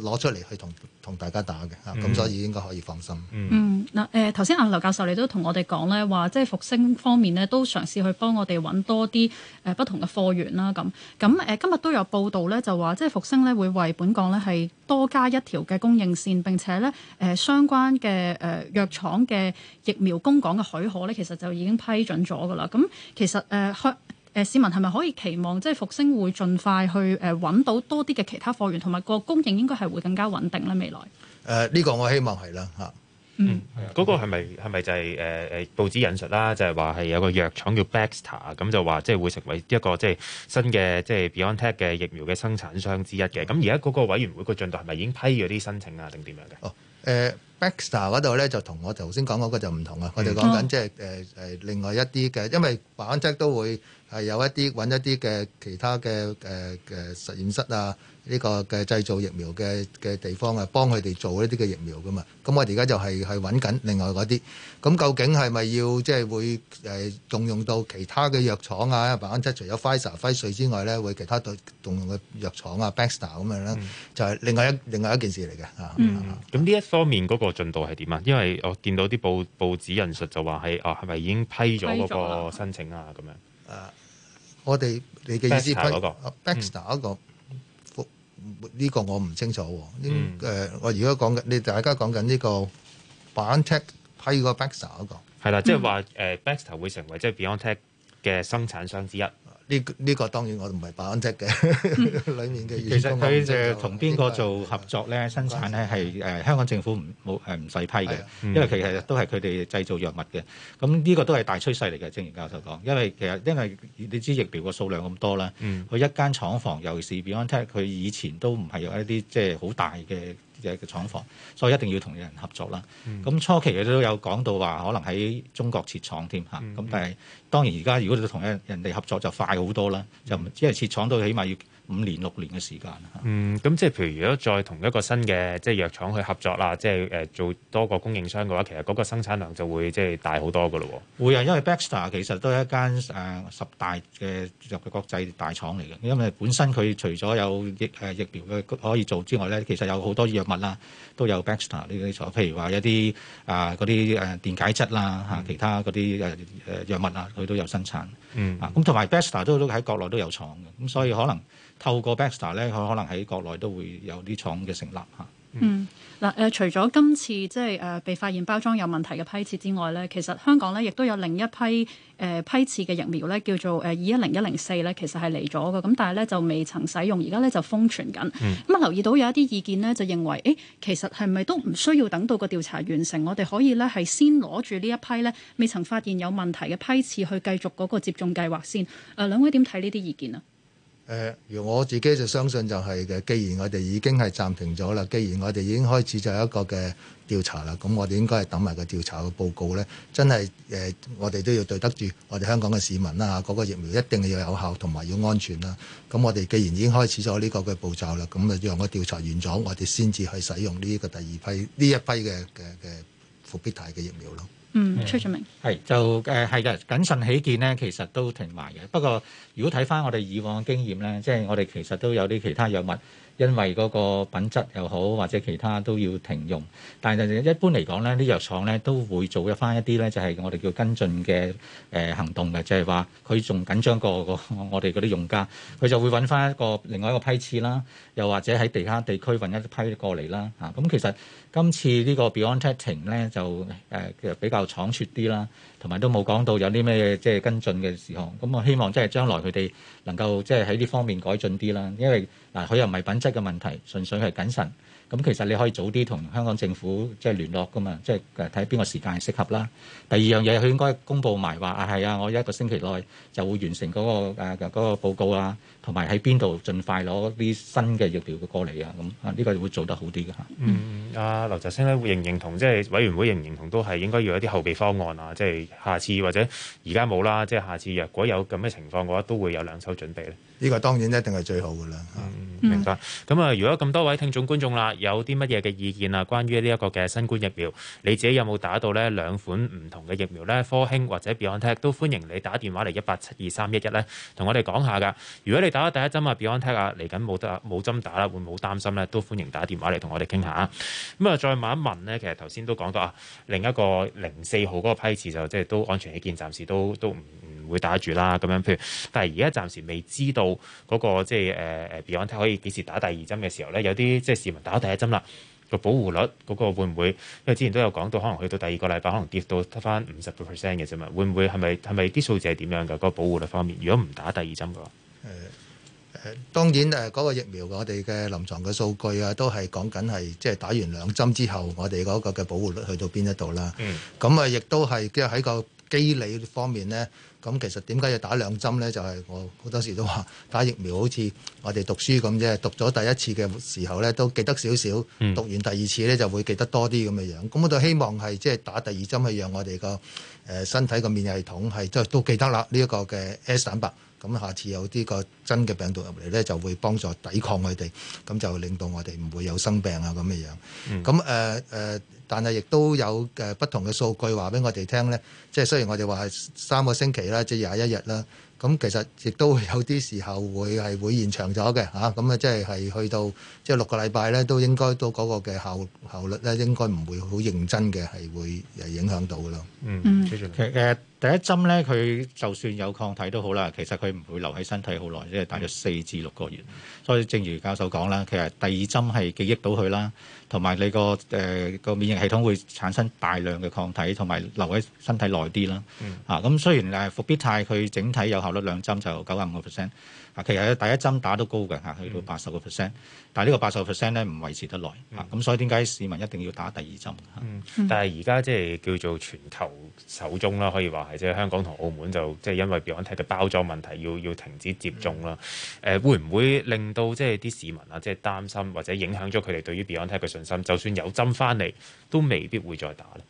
攞出嚟去同同大家打嘅、嗯、啊，咁所以應該可以放心。嗯嗱，誒頭先阿劉教授你都同我哋講咧，話即係復星方面呢都嘗試去幫我哋揾多啲誒、呃、不同嘅貨源啦，咁咁誒今日都有報道咧，就話即係復星呢會為本港呢係多加一條嘅供應線，並且呢誒、呃、相關嘅誒藥廠嘅疫苗供港嘅許可呢，其實就已經批准咗㗎喇。咁其實誒。呃呃誒市民係咪可以期望即係復星會盡快去誒揾到多啲嘅其他貨源，同埋個供應應該係會更加穩定咧？未來誒呢個我希望係啦嚇。嗯，嗰個係咪係咪就係誒誒報紙引述啦？就係話係有個藥廠叫 Baxter，咁就話即係會成為一個即係新嘅即係、就是、BioNTech 嘅疫苗嘅生產商之一嘅。咁而家嗰個委員會個進度係咪已經批咗啲申請啊？定點樣嘅？哦誒、呃、Baxter 嗰度咧就同我頭先講嗰個就唔同喇，嗯、我哋講緊即係誒誒另外一啲嘅，因為板則都會。係有一啲揾一啲嘅其他嘅誒誒實驗室啊，呢個嘅製造疫苗嘅嘅地方啊，幫佢哋做一啲嘅疫苗噶嘛。咁我哋而家就係係揾緊另外嗰啲。咁究竟係咪要即係會誒動用到其他嘅藥廠啊？除咗 Pfizer 輝瑞之外咧，會其他動用嘅藥廠啊，Baxter 咁樣咧，就係另外一另外一件事嚟嘅嚇。咁呢一方面嗰個進度係點啊？因為我見到啲報報紙引述就話係哦，係咪已經批咗嗰個申請啊？咁樣誒。啊我哋，你嘅意思係 Baxter 一、那個，呢、那個嗯、個我唔清楚。應誒、嗯呃，我而家講緊，你大家講緊呢個 Biontech 批個 Baxter 一、那個，係啦、嗯，即係話誒，Baxter 會成為即係 Biontech 嘅生產商之一。呢呢、這個這個當然我哋唔係 BioNTech 嘅裏面嘅，其實佢就同邊個做合作咧？生產咧係誒香港政府唔冇係唔使批嘅的，因為其實都係佢哋製造藥物嘅。咁呢個都係大趨勢嚟嘅，正如教授講，因為其實因為你知疫苗個數量咁多啦，佢的一間廠房，尤其是 BioNTech，佢以前都唔係有一啲即係好大嘅。嘅廠房，所以一定要同人合作啦。咁、嗯、初期亦都有講到話，可能喺中國設廠添吓。咁、嗯嗯、但係當然而家如果你同一、人哋合作就快好多啦，嗯、就唔因為設廠都起碼要。五年六年嘅時間，嗯，咁即係譬如如果再同一個新嘅即係藥廠去合作啦，即係誒、呃、做多個供應商嘅話，其實嗰個生產量就會即係大好多㗎咯喎。會啊，因為 Baxter 其實都係一間誒、呃、十大嘅藥嘅國際大廠嚟嘅，因為本身佢除咗有疫誒、呃、疫苗嘅可以做之外咧，其實有好多藥物啦、啊，都有 Baxter 呢啲廠，譬如話一啲啊嗰啲誒電解質啦嚇，其他嗰啲誒誒藥物啊，佢都有生產。嗯啊，咁同埋 Baxter 都都喺國內都有廠嘅，咁所以可能。透過 Baxter 咧，佢可能喺國內都會有啲廠嘅成立嚇。嗯，嗱誒、嗯呃，除咗今次即係誒被發現包裝有問題嘅批次之外咧，其實香港咧亦都有另一批誒、呃、批次嘅疫苗咧，叫做誒二一零一零四咧，其實係嚟咗嘅。咁但係咧就未曾使用，而家咧就封存緊。咁啊、嗯，嗯、留意到有一啲意見呢，就認為誒，其實係咪都唔需要等到個調查完成，我哋可以咧係先攞住呢一批咧未曾發現有問題嘅批次去繼續嗰個接種計劃先？誒、呃，兩位點睇呢啲意見啊？誒，如、呃、我自己就相信就係嘅，既然我哋已經係暫停咗啦，既然我哋已經開始就有一個嘅調查啦，咁我哋應該係等埋個調查嘅報告咧，真係誒、呃，我哋都要對得住我哋香港嘅市民啦嚇，嗰、那個疫苗一定要有效同埋要安全啦。咁我哋既然已經開始咗呢個嘅步驟啦，咁啊讓個調查完咗，我哋先至去使用呢個第二批呢一批嘅嘅嘅復必泰嘅疫苗咯。嗯，出咗名係就誒係嘅謹慎起見咧，其實都停埋嘅。不過如果睇翻我哋以往嘅經驗咧，即係我哋其實都有啲其他藥物，因為嗰個品質又好或者其他都要停用。但係一般嚟講咧，啲藥廠咧都會做一翻一啲咧，就係我哋叫跟進嘅誒、呃、行動嘅，就係話佢仲緊張過我個我哋嗰啲用家，佢就會揾翻一個另外一個批次啦，又或者喺地下地區揾一批過嚟啦嚇。咁、啊嗯、其實。今次呢個 Beyond Testing 咧就誒、呃、其實比較倉促啲啦，同埋都冇講到有啲咩即係跟進嘅時候。咁我希望即係將來佢哋能夠即係喺呢方面改進啲啦。因為嗱佢又唔係品質嘅問題，純粹係謹慎。咁其實你可以早啲同香港政府即係聯絡噶嘛，即係誒睇邊個時間適合啦。第二樣嘢佢應該公布埋話，啊，係啊，我一個星期內。就會完成嗰、那個誒嗰、啊那個、報告啦、啊，同埋喺邊度盡快攞啲新嘅疫苗嘅過嚟啊！咁啊，呢、這個會做得好啲嘅嚇。嗯啊，劉澤星咧會認唔認同？即、就、係、是、委員會認唔認同都係應該要有啲後備方案啊！即、就、係、是、下次或者而家冇啦，即、就、係、是、下次若果有咁嘅情況嘅話，都會有兩手準備咧。呢個當然一定係最好嘅啦、啊嗯。明白。咁、嗯、啊、嗯，如果咁多位聽眾觀眾啦、啊，有啲乜嘢嘅意見啊？關於呢一個嘅新冠疫苗，你自己有冇打到呢兩款唔同嘅疫苗咧？科興或者 BioNTech 都歡迎你打電話嚟一八。七二三一一咧，同我哋講下㗎。如果你打咗第一針啊，Biontech 啊，嚟緊冇得冇針打啦，會唔會擔心咧？都歡迎打電話嚟同我哋傾下。咁啊，再問一問咧，其實頭先都講到啊，另一個零四號嗰個批次就即係都安全起見，暫時都都唔唔會打住啦。咁樣譬如，但係而家暫時未知道嗰個即係、就、誒、是、誒、呃、Biontech 可以幾時打第二針嘅時候咧，有啲即係市民打咗第一針啦。個保護率嗰個會唔會？因為之前都有講到，可能去到第二個禮拜，可能跌到得返五十個 percent 嘅啫嘛。會唔會係咪係咪啲數字係點樣噶？嗰個保護率方面，如果唔打第二針嘅話，誒誒、嗯，當然誒，嗰個疫苗我哋嘅臨床嘅數據啊，都係講緊係即係打完兩針之後，我哋嗰個嘅保護率去到邊一度啦。嗯，咁啊，亦都係即係喺個機理方面咧。咁其實點解要打兩針呢？就係、是、我好多時都話打疫苗好似我哋讀書咁啫，讀咗第一次嘅時候呢都記得少少，嗯、讀完第二次呢就會記得多啲咁嘅樣，樣。咁我就希望係即係打第二針係讓我哋個誒身體個免疫系統係就都記得啦呢一個嘅 S 蛋白。咁下次有呢個真嘅病毒入嚟呢，就會幫助抵抗佢哋，咁就令到我哋唔會有生病啊咁嘅樣，樣。咁誒誒。但係亦都有誒不同嘅數據話俾我哋聽咧，即係雖然我哋話係三個星期啦，即廿一日啦，咁其實亦都有啲時候會係會延長咗嘅嚇，咁啊即係係去到即係六個禮拜咧，都應該都嗰個嘅效效率咧，應該唔會好認真嘅，係會誒影響到嘅咯。嗯，嗯。其實第一針咧，佢就算有抗體都好啦，其實佢唔會留喺身體好耐，即係大約四至六個月。所以正如教授講啦，其實第二針係記憶到佢啦，同埋你個誒個免疫系統會產生大量嘅抗體，同埋留喺身體耐啲啦。嗯、啊，咁雖然誒復必泰佢整體有效率兩針就九十五個 percent。啊，其實第一針打都高嘅嚇，去到八十、嗯、個 percent，但係呢個八十個 percent 咧唔維持得耐嚇，咁、嗯啊、所以點解市民一定要打第二針？嗯，但係而家即係叫做全球首宗啦，可以話係即係香港同澳門就即係、就是、因為 BioNTech 嘅包裝問題要要停止接種啦。誒、嗯啊、會唔會令到即係啲市民啊即係擔心或者影響咗佢哋對於 BioNTech 嘅信心？就算有針翻嚟，都未必會再打咧。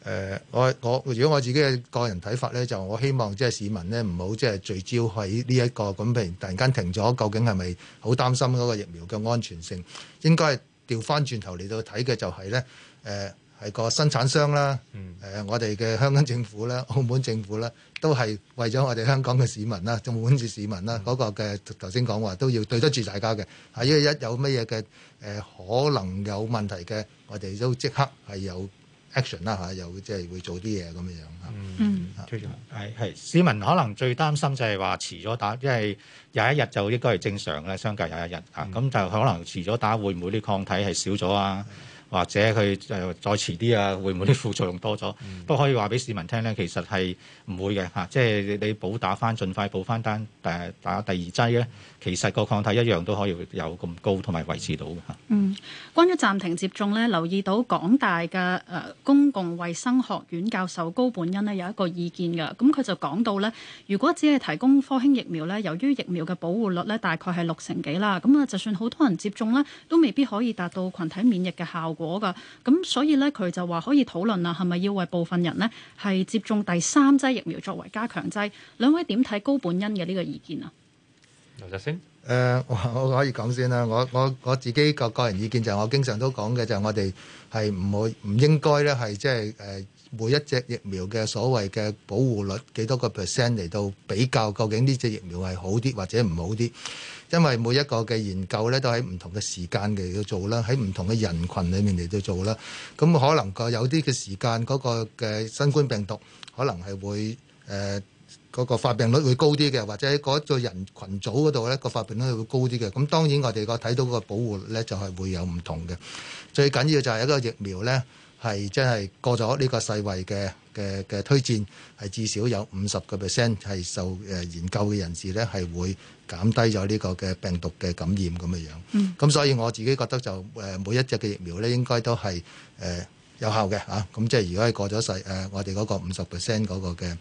誒、呃，我我如果我自己嘅個人睇法咧，就我希望即係市民咧唔好即係聚焦喺呢一個，咁譬如突然間停咗，究竟係咪好擔心嗰個疫苗嘅安全性？應該係調翻轉頭嚟到睇嘅就係、是、咧，誒、呃、係個生產商啦，誒、嗯呃、我哋嘅香港政府啦、澳門政府啦，都係為咗我哋香港嘅市民啦、澳門嘅市，市民啦嗰、那個嘅頭先講話都要對得住大家嘅。係因為一有乜嘢嘅誒可能有問題嘅，我哋都即刻係有 action 啦、啊、嚇，又即係會做啲嘢咁樣樣嚇。啊、嗯，推出、嗯、市民可能最擔心就係話遲咗打，因為廿一日就應該係正常嘅，相隔廿一日啊，咁、嗯、就可能遲咗打會唔會啲抗體係少咗啊？或者佢誒再遲啲啊，會唔會啲副作用多咗？都可以話俾市民聽呢，其實係唔會嘅嚇、啊。即係你補打翻，盡快補翻單誒打，打第二劑呢，其實個抗體一樣都可以有咁高，同埋維持到嘅嚇。嗯，關於暫停接種呢，留意到港大嘅誒、呃、公共衞生學院教授高本恩呢有一個意見嘅。咁佢就講到呢，如果只係提供科興疫苗呢，由於疫苗嘅保護率呢大概係六成幾啦，咁啊就算好多人接種呢，都未必可以達到群體免疫嘅效果。果噶，咁、嗯、所以咧，佢就話可以討論啦，係咪要為部分人呢，係接種第三劑疫苗作為加強劑？兩位點睇高本恩嘅呢個意見啊？劉澤星，誒、呃，我可以講先啦，我我我自己個個人意見就係我經常都講嘅就係我哋係唔好唔應該咧係即係誒。就是呃每一隻疫苗嘅所謂嘅保護率幾多個 percent 嚟到比較，究竟呢隻疫苗係好啲或者唔好啲？因為每一個嘅研究咧都喺唔同嘅時間嚟到做啦，喺唔同嘅人群裡面嚟到做啦。咁可能個有啲嘅時間嗰個嘅新冠病毒可能係會誒嗰個發病率會高啲嘅，或者喺嗰個人群組嗰度咧個發病率會高啲嘅。咁當然我哋個睇到個保護率咧就係會有唔同嘅。最緊要就係一個疫苗咧。係即係過咗呢個世衞嘅嘅嘅推薦，係至少有五十個 percent 係受誒研究嘅人士咧，係會減低咗呢個嘅病毒嘅感染咁嘅樣。咁所以我自己覺得就誒每一隻嘅疫苗咧，應該都係誒、呃、有效嘅嚇。咁、啊、即係如果係過咗世誒，我哋嗰個五十 percent 嗰個嘅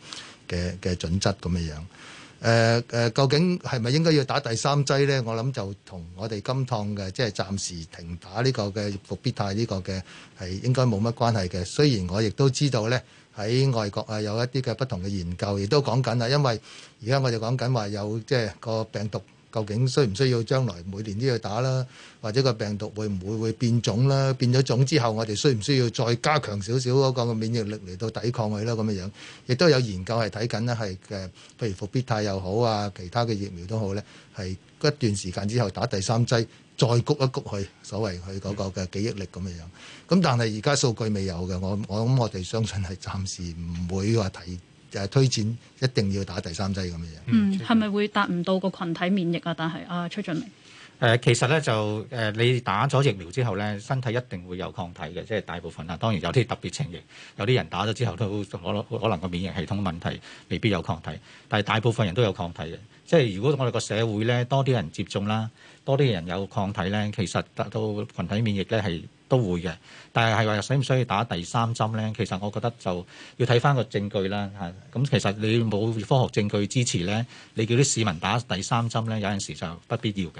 嘅嘅準則咁嘅樣。誒誒、呃，究竟係咪應該要打第三劑呢？我諗就同我哋今趟嘅即係暫時停打呢個嘅復必泰呢個嘅係應該冇乜關係嘅。雖然我亦都知道呢，喺外國啊有一啲嘅不同嘅研究，亦都講緊啊，因為而家我哋講緊話有即係、就是、個病毒。究竟需唔需要將來每年都要打啦？或者個病毒會唔會會變種啦？變咗種之後，我哋需唔需要再加強少少嗰個免疫力嚟到抵抗佢啦？咁樣樣亦都有研究係睇緊咧，係嘅，譬如復必泰又好啊，其他嘅疫苗都好咧，係一段時間之後打第三劑，再谷一谷佢，所謂佢嗰個嘅記憶力咁樣樣。咁但係而家數據未有嘅，我我諗我哋相信係暫時唔會話睇。就推薦一定要打第三劑咁嘅嘢。嗯，係咪會達唔到個群體免疫啊？但係啊，崔俊明，誒、呃、其實咧就誒、呃、你打咗疫苗之後咧，身體一定會有抗體嘅，即係大部分啦。當然有啲特別情形，有啲人打咗之後都可可能個免疫系統問題未必有抗體，但係大部分人都有抗體嘅。即係如果我哋個社會咧多啲人接種啦，多啲人有抗體咧，其實達到群體免疫咧係。都會嘅，但係係話使唔需要打第三針呢？其實我覺得就要睇翻個證據啦。嚇咁其實你冇科學證據支持呢，你叫啲市民打第三針呢，有陣時就不必要嘅。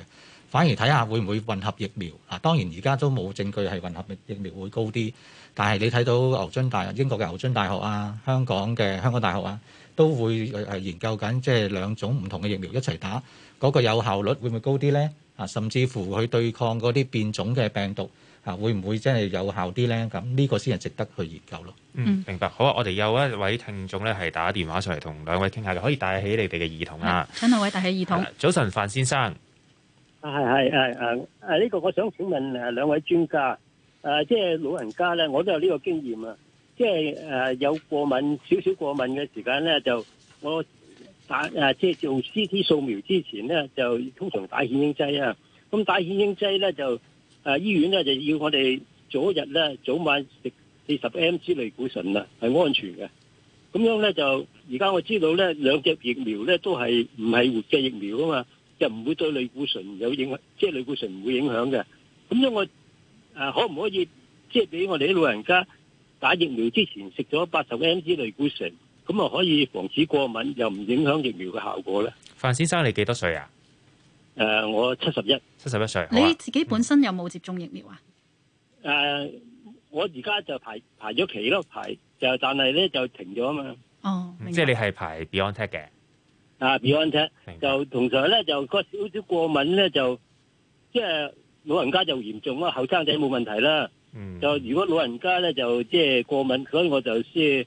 反而睇下會唔會混合疫苗啊？當然而家都冇證據係混合疫苗會高啲，但係你睇到牛津大英國嘅牛津大學啊，香港嘅香港大學啊，都會誒研究緊即係兩種唔同嘅疫苗一齊打嗰個有效率會唔會高啲呢？啊，甚至乎去對抗嗰啲變種嘅病毒。嚇會唔會真係有效啲咧？咁呢個先係值得去研究咯。嗯，明白。好啊，我哋有一位聽眾咧，係打電話上嚟同兩位傾下，就可以帶起你哋嘅耳筒啊。請兩位帶起耳筒。早晨，范先生。係係係誒誒，呢個我想請問誒兩位專家誒，即係老人家咧，我都有呢個經驗啊，即係誒有過敏少少過敏嘅時間咧，就我打誒即係做 CT 掃描之前咧，就通常打顯影劑啊，咁打顯影劑咧就。誒，醫院咧就要我哋早日咧早晚食四十 mg 類固醇啦，係安全嘅。咁樣咧就而家我知道咧，兩隻疫苗咧都係唔係活嘅疫苗啊嘛，就唔會對類固醇有影響，即係類固醇唔會影響嘅。咁樣我誒、啊、可唔可以即係俾我哋啲老人家打疫苗之前食咗八十 mg 類固醇，咁啊可以防止過敏又唔影響疫苗嘅效果咧？范先生你幾多歲啊？誒，uh, 我七十一，七十一歲。你自己本身有冇接種疫苗啊？誒，uh, 我而家就排排咗期咯，排，了了排就但係咧就停咗吖嘛。哦、oh, 嗯，即係你係排 Tech、uh, Beyond Tech 嘅、嗯。啊，Beyond Tech 就，白就同時咧就個少少過敏咧就即係老人家就嚴重啊，後生仔冇問題啦。嗯、就如果老人家咧就即係過敏，所以我就先，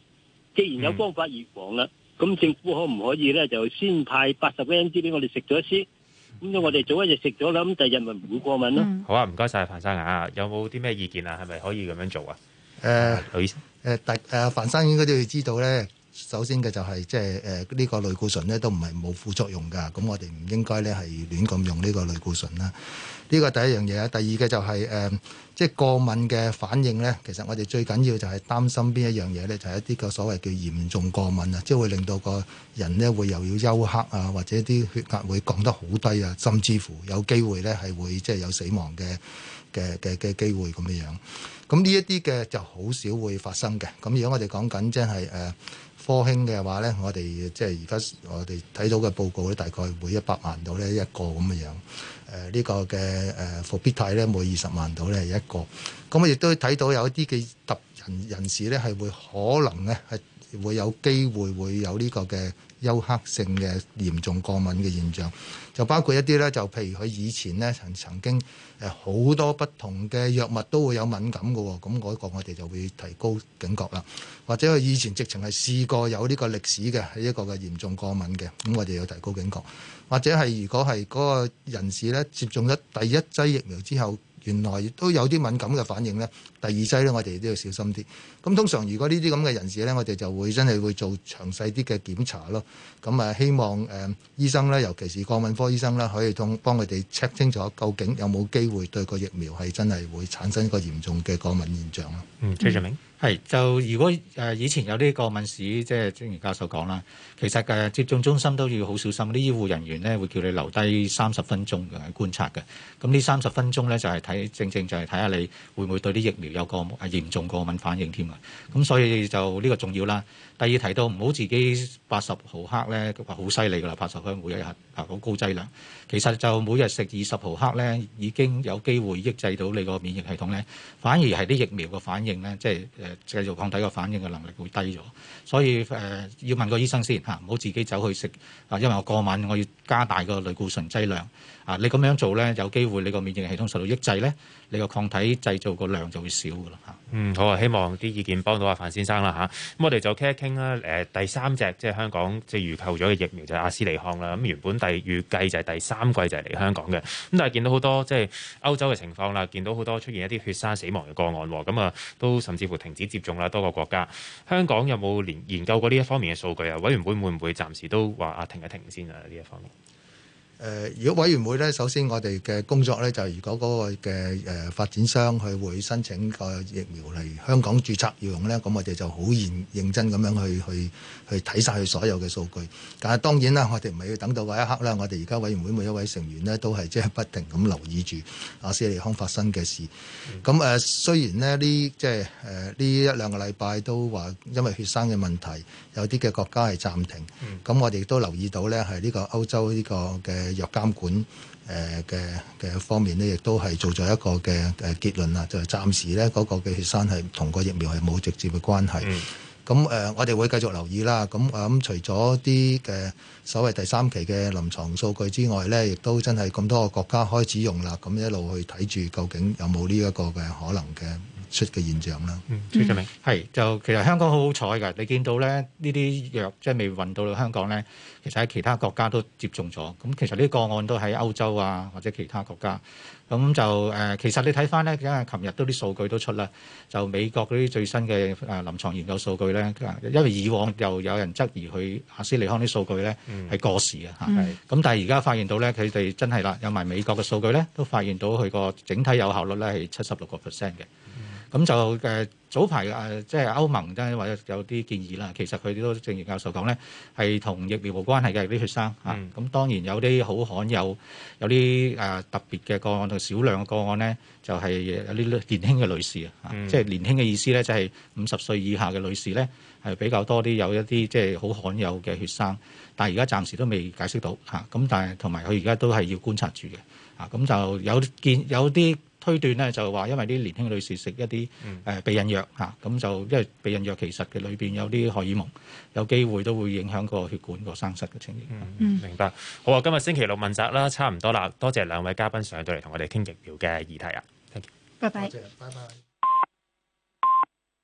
既然有方法預防啦，咁、嗯、政府可唔可以咧就先派八十個 mg 俾我哋食咗先？咁我哋早一日食咗啦，咁第日咪唔會過敏咯。好啊，唔該曬，樊生啊，有冇啲咩意見啊？係咪可以咁樣做啊？誒，劉醫生，誒，第誒，樊生應該都要知道咧。首先嘅就係即係誒，呢個類固醇咧都唔係冇副作用噶。咁我哋唔應該咧係亂咁用呢個類固醇啦。呢個第一樣嘢，第二嘅就係誒。即係過敏嘅反應呢，其實我哋最緊要就係擔心邊一樣嘢呢？就係一啲個所謂叫嚴重過敏啊，即係會令到個人呢會又要休克啊，或者啲血壓會降得好低啊，甚至乎有機會呢係會即係有死亡嘅嘅嘅嘅機會咁嘅樣。咁呢一啲嘅就好少會發生嘅。咁如果我哋講緊即係誒。呃科興嘅話呢，我哋即係而家我哋睇到嘅報告咧，大概每一百萬度呢一個咁嘅樣。誒、呃、呢、這個嘅誒復必泰呢，每二十萬度呢一個。咁我亦都睇到有一啲嘅特人人士呢，係會可能呢。係。會有機會會有呢個嘅休克性嘅嚴重過敏嘅現象，就包括一啲咧，就譬如佢以前咧曾曾經誒好多不同嘅藥物都會有敏感嘅喎，咁嗰個我哋就會提高警覺啦。或者佢以前直情係試過有呢個歷史嘅，係一個嘅嚴重過敏嘅，咁我哋要提高警覺。或者係如果係嗰個人士咧接種咗第一劑疫苗之後，原來亦都有啲敏感嘅反應咧。第二劑咧，我哋都要小心啲。咁通常，如果呢啲咁嘅人士咧，我哋就會真係會做詳細啲嘅檢查咯。咁啊，希望誒、呃、醫生咧，尤其是過敏科醫生咧，可以通幫佢哋 check 清楚，究竟有冇機會對個疫苗係真係會產生一個嚴重嘅過敏現象咯。嗯，崔俊明，就如果誒以前有啲過敏史，即係正如教授講啦，其實誒接種中心都要好小心，啲醫護人員咧會叫你留低三十分鐘嘅觀察嘅。咁呢三十分鐘咧就係睇正正就係睇下你會唔會對啲疫苗。有個嚴重過敏反應添啊！咁所以就呢個重要啦。第二提到唔好自己八十毫克咧，佢話好犀利噶啦，八十佢每日一啊好高劑量。其實就每日食二十毫克咧，已經有機會抑制到你個免疫系統咧，反而係啲疫苗個反應咧，即係誒製造抗體個反應嘅能力會低咗。所以誒、呃、要問個醫生先嚇，唔好自己走去食啊，因為我過敏我要加大個類固醇劑量啊，你咁樣做咧有機會你個免疫系統受到抑制咧，你個抗體製造個量就會少噶啦嚇。嗯，好啊，希望啲意見幫到阿范先生啦嚇。咁、啊、我哋就傾一傾。啦，第三隻即係香港即係預購咗嘅疫苗就係阿斯利康啦。咁原本第預計就係第三季就係嚟香港嘅。咁但係見到好多即係歐洲嘅情況啦，見到好多出現一啲血栓死亡嘅個案喎。咁啊，都甚至乎停止接種啦多個國家。香港有冇研研究過呢一方面嘅數據啊？委員會會唔會暫時都話啊停一停先啊？呢一方面。誒、呃，如果委員會咧，首先我哋嘅工作咧，就如果嗰個嘅誒、呃、發展商佢會申請個疫苗嚟香港註冊要用咧，咁我哋就好認認真咁樣去去去睇晒佢所有嘅數據。但係當然啦，我哋唔係要等到嗰一刻啦。我哋而家委員會每一位成員咧，都係即係不停咁留意住阿斯利康發生嘅事。咁誒、呃，雖然呢，呢即係誒呢一兩個禮拜都話因為血栓嘅問題，有啲嘅國家係暫停。咁我哋亦都留意到咧，係呢個歐洲呢個嘅。入監管誒嘅嘅方面呢，亦都係做咗一個嘅誒結論啦，就係、是、暫時呢，嗰、那個嘅血栓係同個疫苗係冇直接嘅關係。咁誒、嗯嗯，我哋會繼續留意啦。咁我諗除咗啲嘅所謂第三期嘅臨床數據之外呢，亦都真係咁多個國家開始用啦。咁、嗯、一路去睇住究竟有冇呢一個嘅可能嘅。出嘅現象啦，崔俊明係就其實香港好好彩㗎，你見到咧，呢啲藥即係未運到到香港咧，其實喺其他國家都接種咗。咁其實呢個案都喺歐洲啊，或者其他國家。咁就誒，其實你睇翻咧，因為琴日都啲數據都出啦，就美國嗰啲最新嘅誒臨床研究數據咧，因為以往又有人質疑佢阿斯利康啲數據咧係過時㗎吓，咁但係而家發現到咧，佢哋真係啦，有埋美國嘅數據咧，都發現到佢個整體有效率咧係七十六個 percent 嘅。咁就誒早排誒即係歐盟咧，或者有啲建議啦。其實佢哋都正如教授講咧，係同疫苗無關係嘅啲血栓嚇。咁當然有啲好罕有，有啲誒特別嘅個案同少量個案咧，就係有啲年輕嘅女士啊，即係年輕嘅意思咧，就係五十歲以下嘅女士咧，係比較多啲，有一啲即係好罕有嘅血栓。但係而家暫時都未解釋到嚇。咁但係同埋佢而家都係要觀察住嘅。啊，咁就有見有啲。推斷咧就話，因為啲年輕女士食一啲誒避孕藥嚇，咁就、嗯、因為避孕藥其實嘅裏邊有啲荷爾蒙，有機會都會影響個血管個生蝨嘅情形。嗯，嗯，明白。好啊，今日星期六問責啦，差唔多啦，多謝兩位嘉賓上到嚟同我哋傾疫苗嘅議題啊。Thank you. 拜拜，多謝，拜拜。